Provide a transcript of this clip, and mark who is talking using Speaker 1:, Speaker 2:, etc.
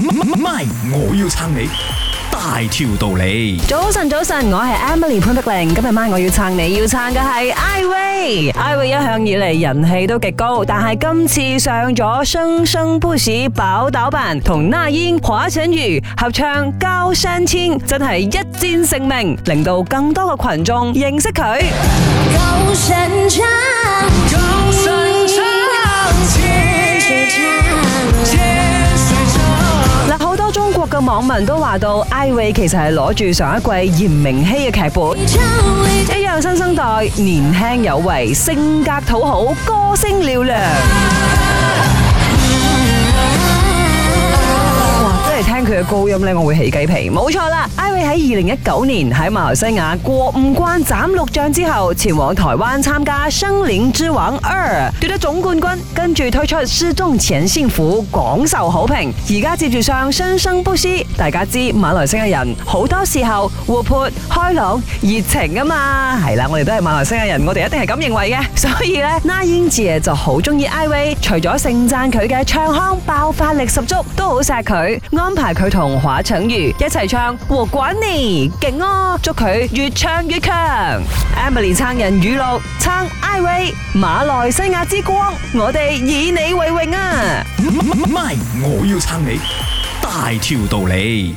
Speaker 1: 唔唔唔，MY 我要撐你大條道理。早晨早晨，我係 Emily 潘碧玲。今日晚我要撐你，要撐嘅係艾薇。艾薇一向以嚟人氣都極高，但係今次上咗《生生不息》寶島版，同那英、華晨宇合唱《交相牽》，真係一戰成名，令到更多嘅群眾認識佢。網民都話到，艾薇其實係攞住上一季嚴明熙嘅劇本，一樣新生代，年輕有為，性格討好，歌聲嘹亮。高音呢，我會起雞皮，冇錯啦！Ivy 喺二零一九年喺馬來西亞過五關斬六將之後，前往台灣參加《聲林之王二》，奪得總冠軍，跟住推出《失蹤前先苦》，廣受好評。而家接住上《生生不息》，大家知馬來西亞人好多時候活潑開朗、熱情啊嘛，係啦，我哋都係馬來西亞人，我哋一定係咁認為嘅，所以呢，那英姐就好中意 Ivy，除咗盛讚佢嘅唱腔爆發力十足，都好錫佢，安排佢同。同華晨宇一齊唱《我管你》，勁哦！祝佢越唱越強。Emily 撐人語錄，撐艾薇，馬來西亞之光，我哋以你為榮啊！唔係，我要撐你，大條道理。